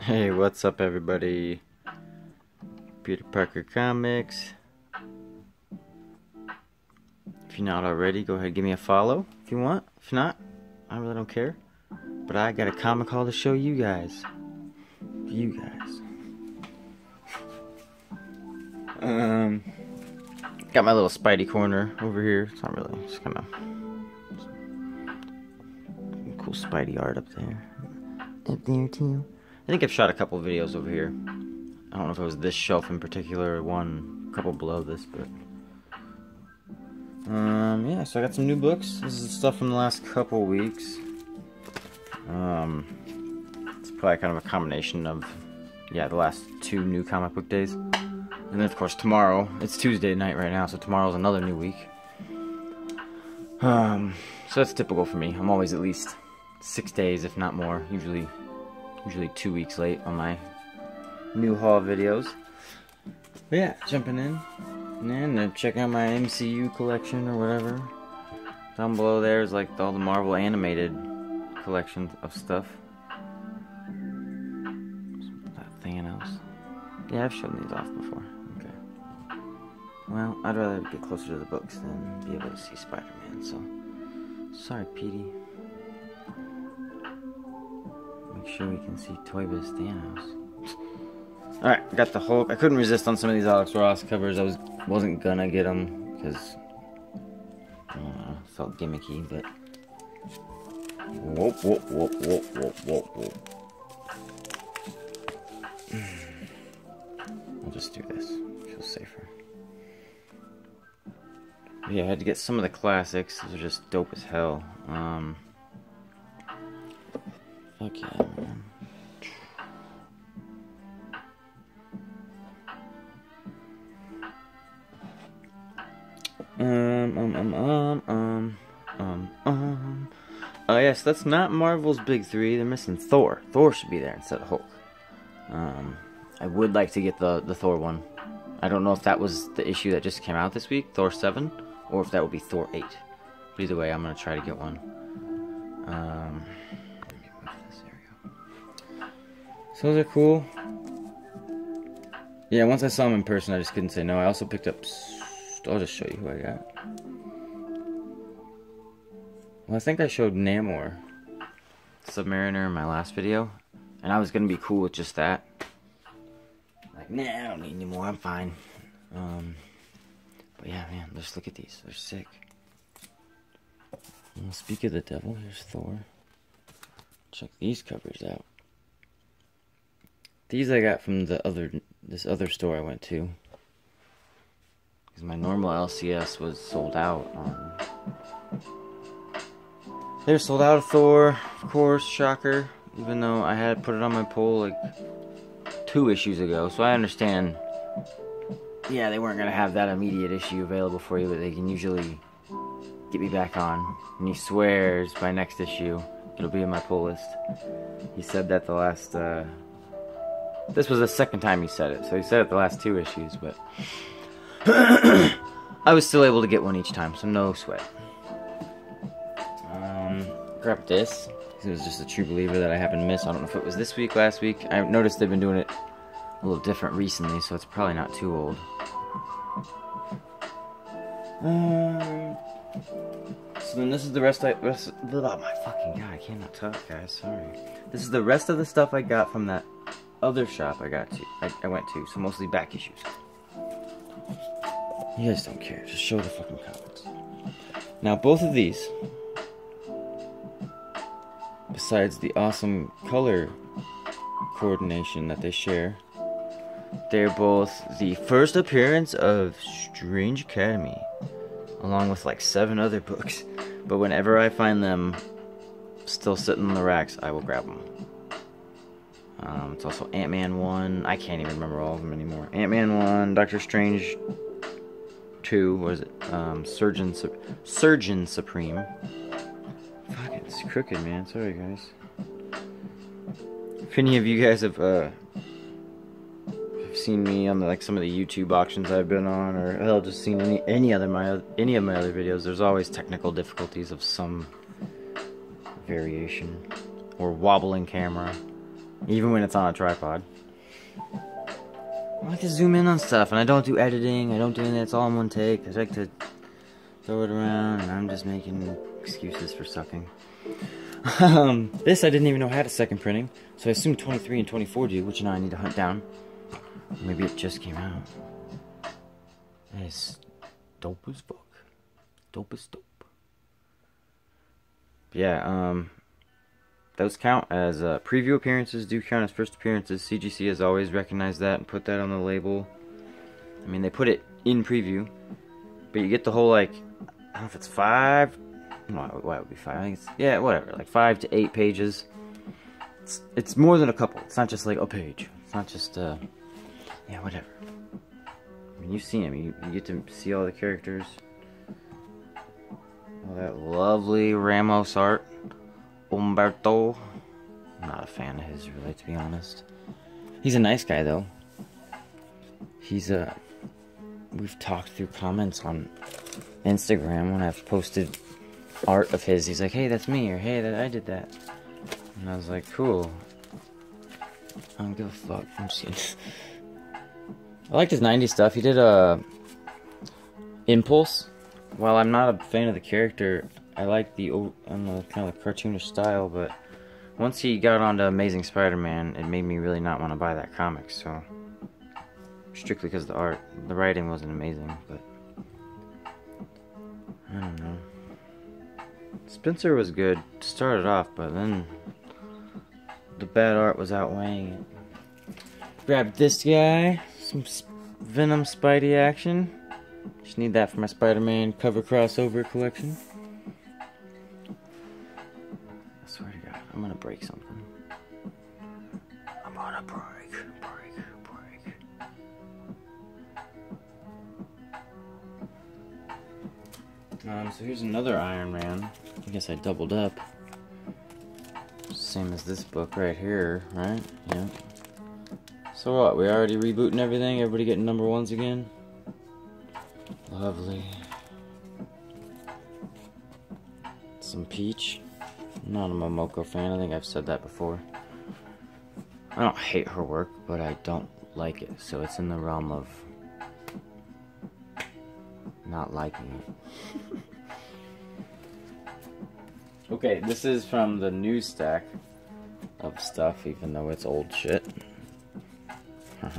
Hey, what's up everybody? Peter Parker Comics. If you're not already, go ahead and give me a follow if you want. If not, I really don't care. But I got a comic haul to show you guys. You guys. Um, got my little Spidey corner over here. It's not really, just kind of cool Spidey art up there. Up there too. I think I've shot a couple videos over here. I don't know if it was this shelf in particular, or one a couple below this, but... Um, yeah, so I got some new books. This is stuff from the last couple weeks. Um, it's probably kind of a combination of, yeah, the last two new comic book days. And then, of course, tomorrow. It's Tuesday night right now, so tomorrow's another new week. Um, so that's typical for me. I'm always at least six days, if not more, usually usually two weeks late on my new haul videos. But yeah, jumping in. And uh, check out my MCU collection or whatever. Down below there is like all the Marvel animated collections of stuff. That Thanos. Yeah, I've shown these off before. Okay. Well, I'd rather get closer to the books than be able to see Spider-Man, so... Sorry, Petey. Make sure we can see Toy Biz Thanos. Alright, got the Hulk. I couldn't resist on some of these Alex Ross covers. I was, wasn't gonna get them because I don't know, felt gimmicky, but. Whoop, whoop, whoop, whoop, whoop, whoop, whoop. I'll just do this. Feels safer. yeah, I had to get some of the classics. Those are just dope as hell. Um. Fuck yeah, man. Um, um, um, um, um, um, um. Oh, yes, that's not Marvel's big three. They're missing Thor. Thor should be there instead of Hulk. Um, I would like to get the, the Thor one. I don't know if that was the issue that just came out this week, Thor 7, or if that would be Thor 8. But either way, I'm going to try to get one. Um... So those are cool. Yeah, once I saw them in person, I just couldn't say no. I also picked up... I'll just show you who I got. Well, I think I showed Namor Submariner in my last video. And I was going to be cool with just that. Like, nah, I don't need any more. I'm fine. Um, but yeah, man, just look at these. They're sick. Well, speak of the devil, here's Thor. Check these covers out. These I got from the other this other store I went to. Because my normal LCS was sold out on. They were sold out of Thor, of course, shocker. Even though I had put it on my poll like two issues ago, so I understand. Yeah, they weren't gonna have that immediate issue available for you, but they can usually get me back on. And he swears by next issue it'll be in my poll list. He said that the last uh, this was the second time he said it, so he said it the last two issues, but I was still able to get one each time, so no sweat. Um, grab this. It was just a true believer that I happened to miss. I don't know if it was this week, last week. I noticed they've been doing it a little different recently, so it's probably not too old. Um, so then this is the rest I rest. Blah, oh my fucking god, I cannot talk, guys. Sorry. This is the rest of the stuff I got from that other shop I got to, I, I went to, so mostly back issues. You guys don't care. Just show the fucking comments. Now, both of these, besides the awesome color coordination that they share, they're both the first appearance of Strange Academy, along with like seven other books. But whenever I find them still sitting in the racks, I will grab them. Um, it's also Ant-Man 1. I can't even remember all of them anymore. Ant-Man 1, Doctor Strange 2, was it? Um, Surgeon, Su Surgeon Supreme. Fuck, it's crooked, man. Sorry, guys. If any of you guys have, uh, have seen me on the, like some of the YouTube auctions I've been on, or hell, just seen any any other my any of my other videos, there's always technical difficulties of some variation or wobbling camera. Even when it's on a tripod. I like to zoom in on stuff, and I don't do editing, I don't do anything, it's all in one take. I like to throw it around, and I'm just making excuses for sucking. um, this I didn't even know had a second printing, so I assumed 23 and 24 do, which now I need to hunt down. Maybe it just came out. That is dope as fuck. Dope as dope. Yeah, um, those count as uh, preview appearances, do count as first appearances. CGC has always recognized that and put that on the label. I mean, they put it in preview, but you get the whole like, I don't know if it's five, why, why it would be five? I think it's, yeah, whatever, like five to eight pages. It's, it's more than a couple. It's not just like a page. It's not just, uh, yeah, whatever. I mean, you've seen them. You, you get to see all the characters. All that lovely Ramos art. Umberto. I'm not a fan of his, really, to be honest. He's a nice guy, though. He's a... Uh, we've talked through comments on Instagram when I've posted art of his. He's like, hey, that's me, or hey, that I did that. And I was like, cool. I don't give a fuck. I'm just I liked his 90s stuff. He did a... Uh, Impulse. While I'm not a fan of the character, I like the, um, the kind of cartoonish style, but once he got onto Amazing Spider-Man, it made me really not want to buy that comic. So strictly because the art, the writing wasn't amazing, but I don't know. Spencer was good, started off, but then the bad art was outweighing it. Grab this guy, some Venom Spidey action. Just need that for my Spider-Man cover crossover collection. I'm gonna break something. I'm gonna break, break, break. Um, so here's another Iron Man. I guess I doubled up. Same as this book right here, right? Yeah. So what, we already rebooting everything? Everybody getting number ones again? Lovely. Some peach. I'm not a Momoko fan. I think I've said that before. I don't hate her work, but I don't like it. So it's in the realm of not liking it. okay, this is from the new stack of stuff, even though it's old shit.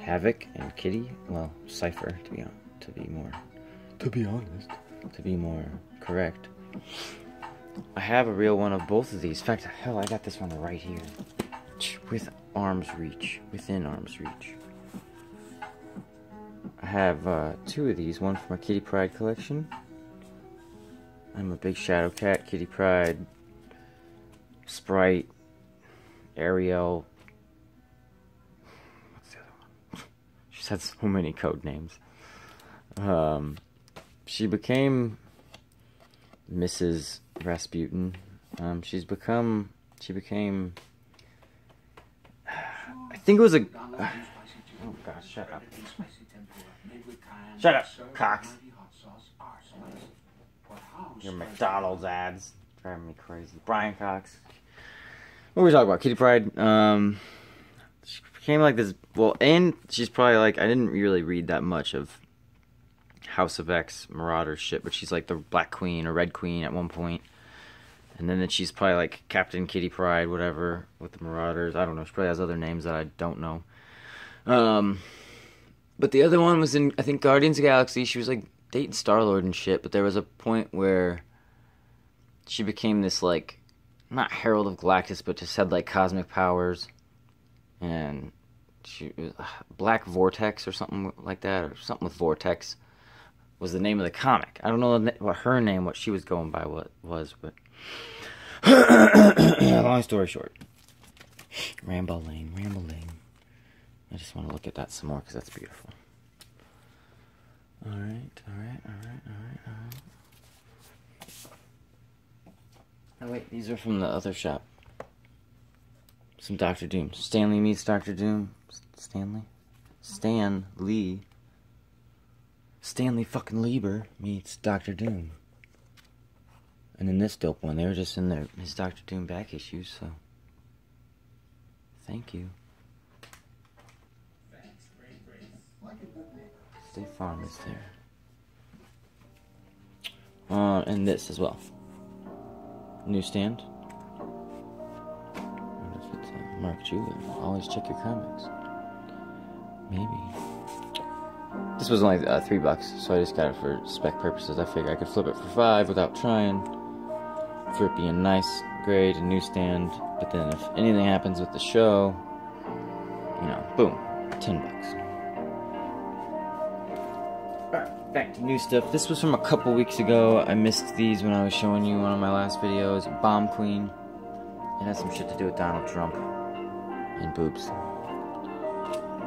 Havoc and Kitty. Well, Cipher to be on, to be more to be honest, to be more correct. I have a real one of both of these. In fact, hell, I got this one right here. With arm's reach. Within arm's reach. I have uh, two of these. One from my Kitty Pride collection. I'm a big Shadow Cat, Kitty Pride, Sprite, Ariel. What's the other one? She's had so many code names. Um, she became Mrs. Rasputin. Um, she's become, she became, I think it was a, uh, oh gosh, shut up. Shut up, Cox. Your McDonald's ads driving me crazy. Brian Cox. What were we talking about? Kitty Pride. Um, she became like this. Well, and she's probably like I didn't really read that much of House of X Marauder shit, but she's like the Black Queen or Red Queen at one point. And then that she's probably like Captain Kitty Pride, whatever, with the Marauders. I don't know. She probably has other names that I don't know. Um, but the other one was in I think Guardians of Galaxy. She was like dating Star Lord and shit. But there was a point where she became this like not Herald of Galactus, but just had like cosmic powers, and she was uh, Black Vortex or something like that, or something with Vortex was the name of the comic. I don't know what her name, what she was going by, what was, but Long story short, Lane. rambling, Lane. I just want to look at that some more because that's beautiful. All right, all right, all right, all right, all right. Oh wait, these are from the other shop. Some Doctor Doom. Stanley meets Doctor Doom. Stanley, Stan Lee. Stanley fucking Lieber meets Doctor Doom. And then this dope one, they were just in their his Doctor Doom back issues, so thank you. State Farm is there. Uh, and this as well. Newsstand. It's, Mark Julia. Always check your comics. Maybe. This was only uh, three bucks, so I just got it for spec purposes. I figure I could flip it for five without trying for it being nice, great, a newsstand. But then if anything happens with the show, you know, boom, 10 bucks. back to new stuff. This was from a couple weeks ago. I missed these when I was showing you one of my last videos. Bomb Queen. It has some shit to do with Donald Trump and boobs.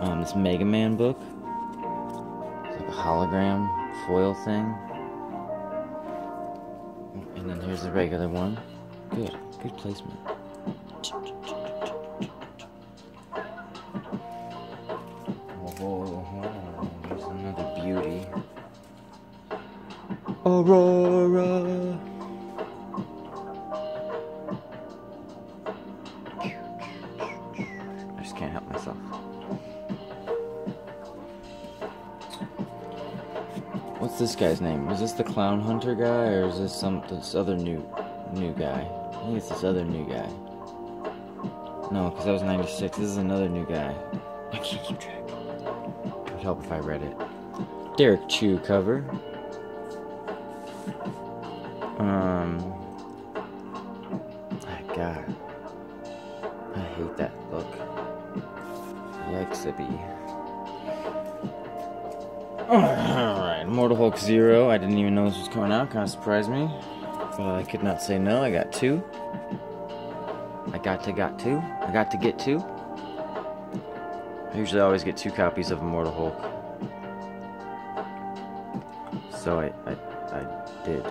Um, this Mega Man book. It's like a hologram foil thing. And then here's the regular one. Good, good placement. Oh, there's another beauty. Aurora. this guy's name? Is this the clown hunter guy, or is this some this other new new guy? I think it's this other new guy. No, because that was 96. This is another new guy. I can't keep track. would help if I read it. Derek Chew cover. Um. My God. I hate that look. Yikes, Alright. Mortal Hulk Zero. I didn't even know this was coming out. Kind of surprised me. But I could not say no. I got two. I got to got two. I got to get two. I usually always get two copies of Immortal Hulk. So I, I, I did.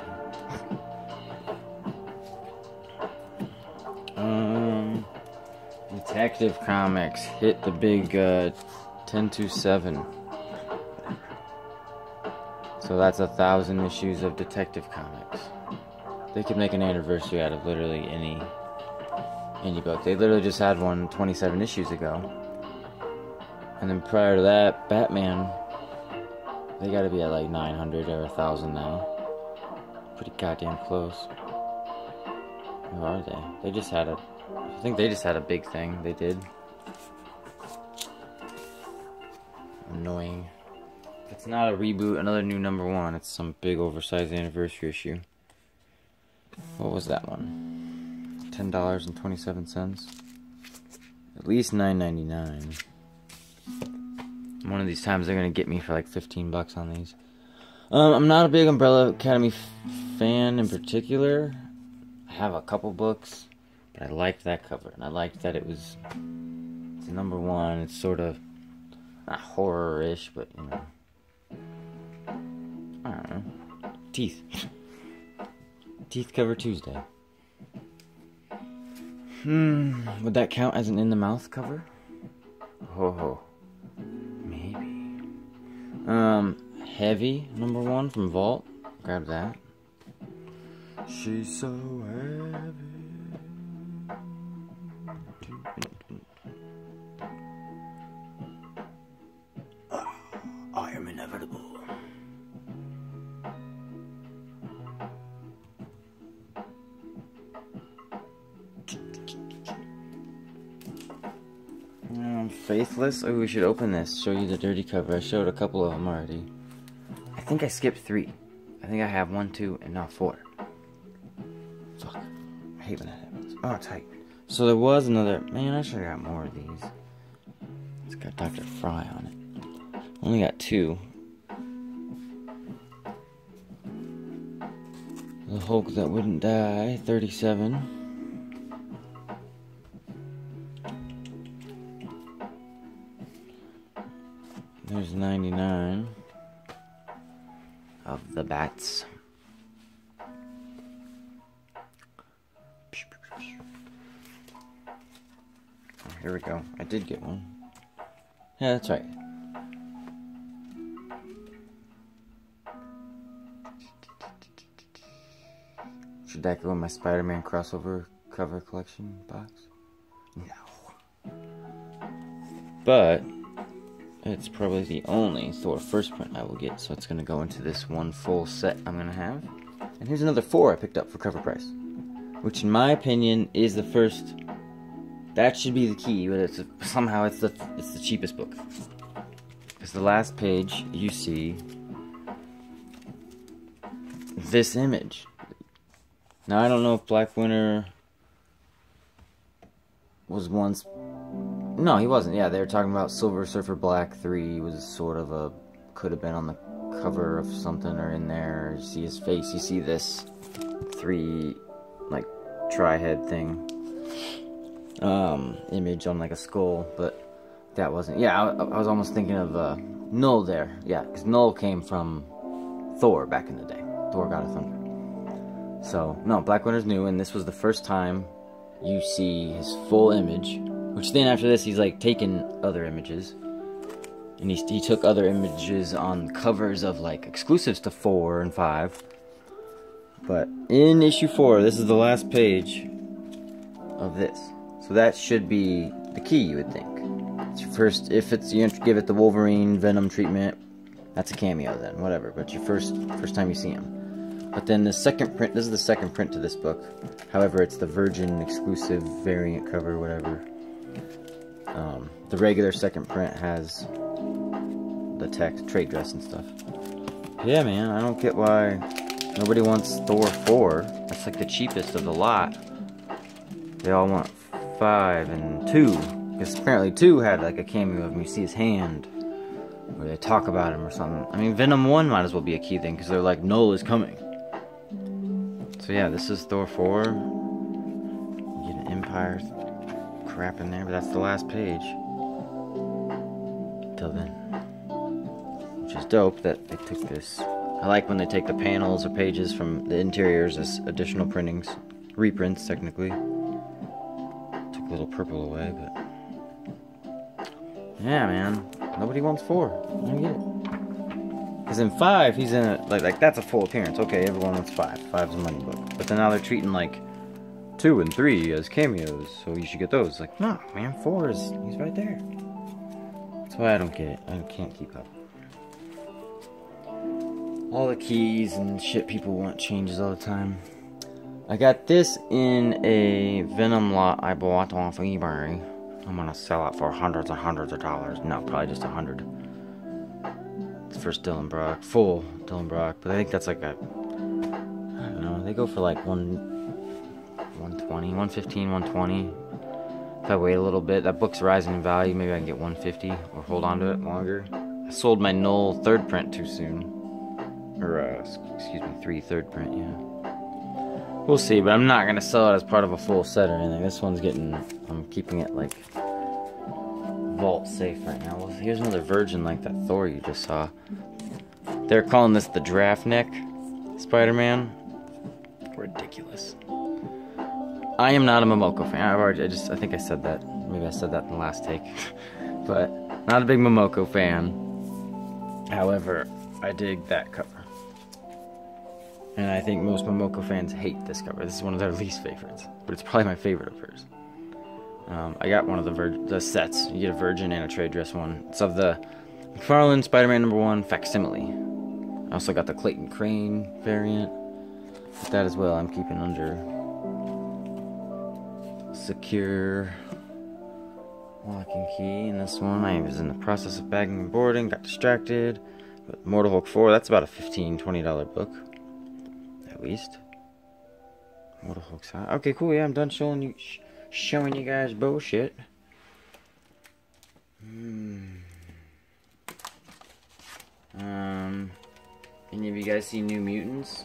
um, Detective Comics hit the big uh, 10 to 7. So that's a thousand issues of Detective Comics. They could make an anniversary out of literally any any book. They literally just had one 27 issues ago. And then prior to that, Batman, they gotta be at like 900 or 1,000 now. Pretty goddamn close. Who are they? They just had a. I think they just had a big thing. They did. Annoying it's not a reboot, another new number one. It's some big oversized anniversary issue. What was that one? Ten dollars and twenty-seven cents. At least nine ninety-nine. One of these times they're gonna get me for like fifteen bucks on these. Um, I'm not a big Umbrella Academy fan in particular. I have a couple books, but I liked that cover, and I liked that it was it's number one. It's sort of not horror-ish, but you know. teeth. Teeth cover Tuesday. Hmm, would that count as an in the mouth cover? Ho ho. Maybe. Um, Heavy, number one from Vault. Grab that. She's so heavy. Oh, we should open this. Show you the dirty cover. I showed a couple of them already. I think I skipped three. I think I have one, two, and not four. Fuck. I hate when that happens. Oh, tight. So there was another. Man, I should have got more of these. It's got Dr. Fry on it. Only got two. The Hulk that wouldn't die, 37. bats. Oh, here we go. I did get one. Yeah, that's right. Should that go in my Spider-Man crossover cover collection box? No. But it's probably the only Thor first print I will get, so it's going to go into this one full set I'm going to have. And here's another four I picked up for cover price, which in my opinion is the first. That should be the key, but it's a, somehow it's the it's the cheapest book. Because the last page you see this image. Now I don't know if Black Winter was once no, he wasn't. Yeah, they were talking about Silver Surfer Black 3 was sort of a could have been on the cover of something or in there. You see his face. You see this three like tri-head thing um image on like a skull, but that wasn't. Yeah, I, I was almost thinking of uh, Null there. Yeah, because Null came from Thor back in the day. Thor got a Thunder. So no, Black Winter's new, and this was the first time you see his full image which then after this, he's like taken other images. And he, he took other images on covers of like exclusives to 4 and 5. But in issue 4, this is the last page of this. So that should be the key, you would think. It's your first, if it's you give it the Wolverine Venom treatment, that's a cameo then, whatever. But your first first time you see him. But then the second print, this is the second print to this book. However, it's the Virgin exclusive variant cover, whatever. Um, the regular second print has the tech trade dress and stuff. Yeah, man, I don't get why nobody wants Thor 4. That's like the cheapest of the lot. They all want 5 and 2. Because apparently 2 had like a cameo of him. You see his hand. Or they talk about him or something. I mean, Venom 1 might as well be a key thing. Because they're like, Null is coming. So yeah, this is Thor 4. You get an Empire crap in there, but that's the last page. Till then. Which is dope that they took this. I like when they take the panels or pages from the interiors as additional printings. Reprints, technically. Took a little purple away, but. Yeah, man. Nobody wants four. I get it. Because in five, he's in a. Like, like, that's a full appearance. Okay, everyone wants five. Five's a money book. But then now they're treating, like, 2 and 3 as cameos, so you should get those. Like, no, man, 4 is, he's right there. That's why I don't get it. I can't keep up. All the keys and shit people want changes all the time. I got this in a Venom lot I bought off eBay. I'm gonna sell it for hundreds and hundreds of dollars. No, probably just a hundred. It's for Dylan Brock, full Dylan Brock, but I think that's like a, I don't know, they go for like one 120, 115, 120. If I wait a little bit, that book's rising in value. Maybe I can get 150 or hold on to it longer. I sold my Null third print too soon. Or, uh, excuse me, three third print, yeah. We'll see, but I'm not going to sell it as part of a full set or anything. This one's getting, I'm keeping it like vault safe right now. Well, here's another virgin like that Thor you just saw. They're calling this the draft neck Spider-Man. Ridiculous. I am not a Momoko fan. I've already, I just, I think I said that. Maybe I said that in the last take. but not a big Momoko fan. However, I dig that cover. And I think most Momoko fans hate this cover. This is one of their least favorites, but it's probably my favorite of hers. Um, I got one of the vir- the sets. You get a Virgin and a trade dress one. It's of the McFarlane Spider-Man number one facsimile. I also got the Clayton Crane variant. that as well, I'm keeping under secure locking key in this one. I was in the process of bagging and boarding, got distracted. But Mortal Hulk 4, that's about a $15, $20 book. At least. Mortal Hulk's hot. Okay, cool, yeah, I'm done showing you, sh showing you guys bullshit. Hmm. Um, any of you guys see New Mutants?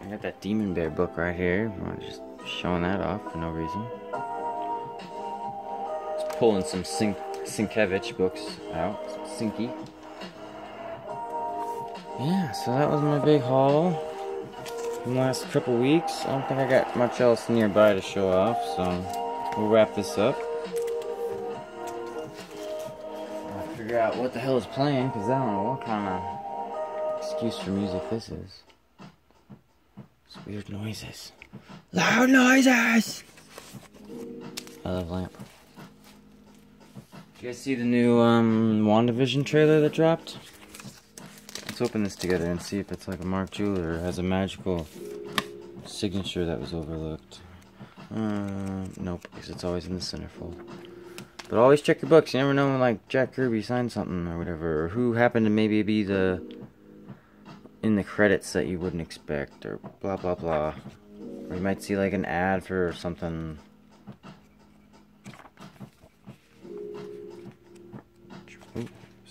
I got that Demon Bear book right here. I'm just showing that off for no reason pulling some Sink Sinkevich books out. Sinky. Yeah, so that was my big haul from the last couple weeks. I don't think I got much else nearby to show off, so we'll wrap this up. I'll figure out what the hell is playing, because I don't know what kind of excuse for music this is. It's weird noises. Loud noises! I love lamp. You guys see the new um, WandaVision trailer that dropped? Let's open this together and see if it's like a Mark Jeweler or has a magical signature that was overlooked. Uh, nope, because it's always in the centerfold. But always check your books. You never know when like Jack Kirby signed something or whatever, or who happened to maybe be the in the credits that you wouldn't expect, or blah blah blah. Or you might see like an ad for something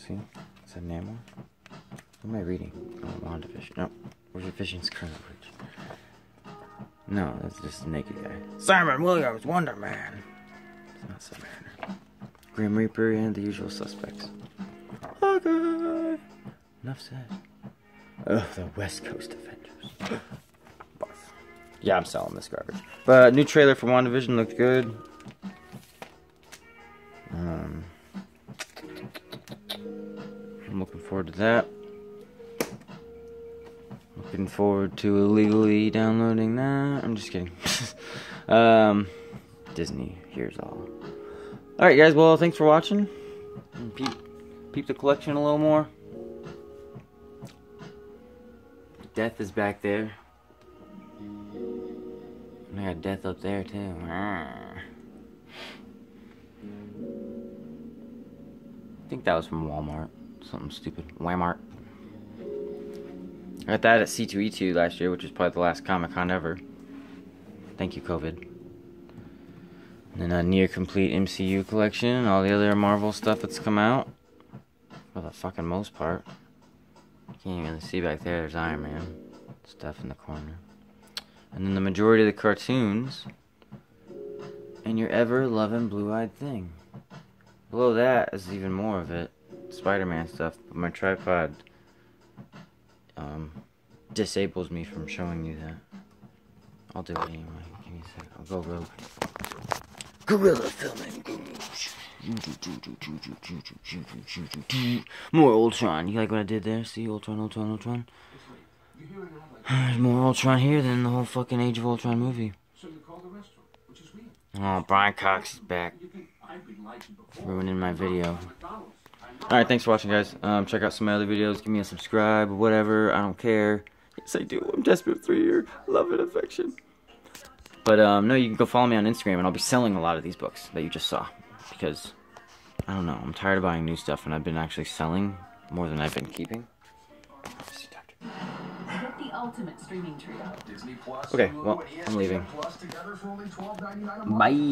See? It a Namor. What am I reading? Oh, WandaVision. No. Where's the Vision's current bridge? No, that's just a naked guy. Simon Williams, Wonder Man! It's not Submariner. Grim Reaper and the usual suspects. Okay! Enough said. Ugh, the West Coast Avengers. yeah, I'm selling this garbage. But new trailer for WandaVision looked good. forward to that. Looking forward to illegally downloading that. I'm just kidding. um, Disney, here's all. Alright, guys, well, thanks for watching. Peep, peep the collection a little more. Death is back there. I got death up there, too. I think that was from Walmart. Something stupid. Walmart. I got that at C2E2 last year, which is probably the last Comic Con ever. Thank you, COVID. And then a uh, near complete MCU collection, and all the other Marvel stuff that's come out. For the fucking most part. Can't even see back there, there's Iron Man. Stuff in the corner. And then the majority of the cartoons. And your ever loving blue eyed thing. Below that is even more of it. Spider-Man stuff, but my tripod um, disables me from showing you that. I'll do it anyway. Give me a sec. I'll go rogue. Gorilla filming More Ultron. You like what I did there? See Ultron, Ultron, Ultron. There's more Ultron here than the whole fucking Age of Ultron movie. Oh, Brian Cox is back. Ruining my video. Alright, thanks for watching, guys. Um, check out some other videos. Give me a subscribe, whatever. I don't care. Yes, I do. I'm desperate for your love and affection. But, um, no, you can go follow me on Instagram, and I'll be selling a lot of these books that you just saw. Because, I don't know, I'm tired of buying new stuff, and I've been actually selling more than I've been keeping. Okay, well, I'm leaving. Bye.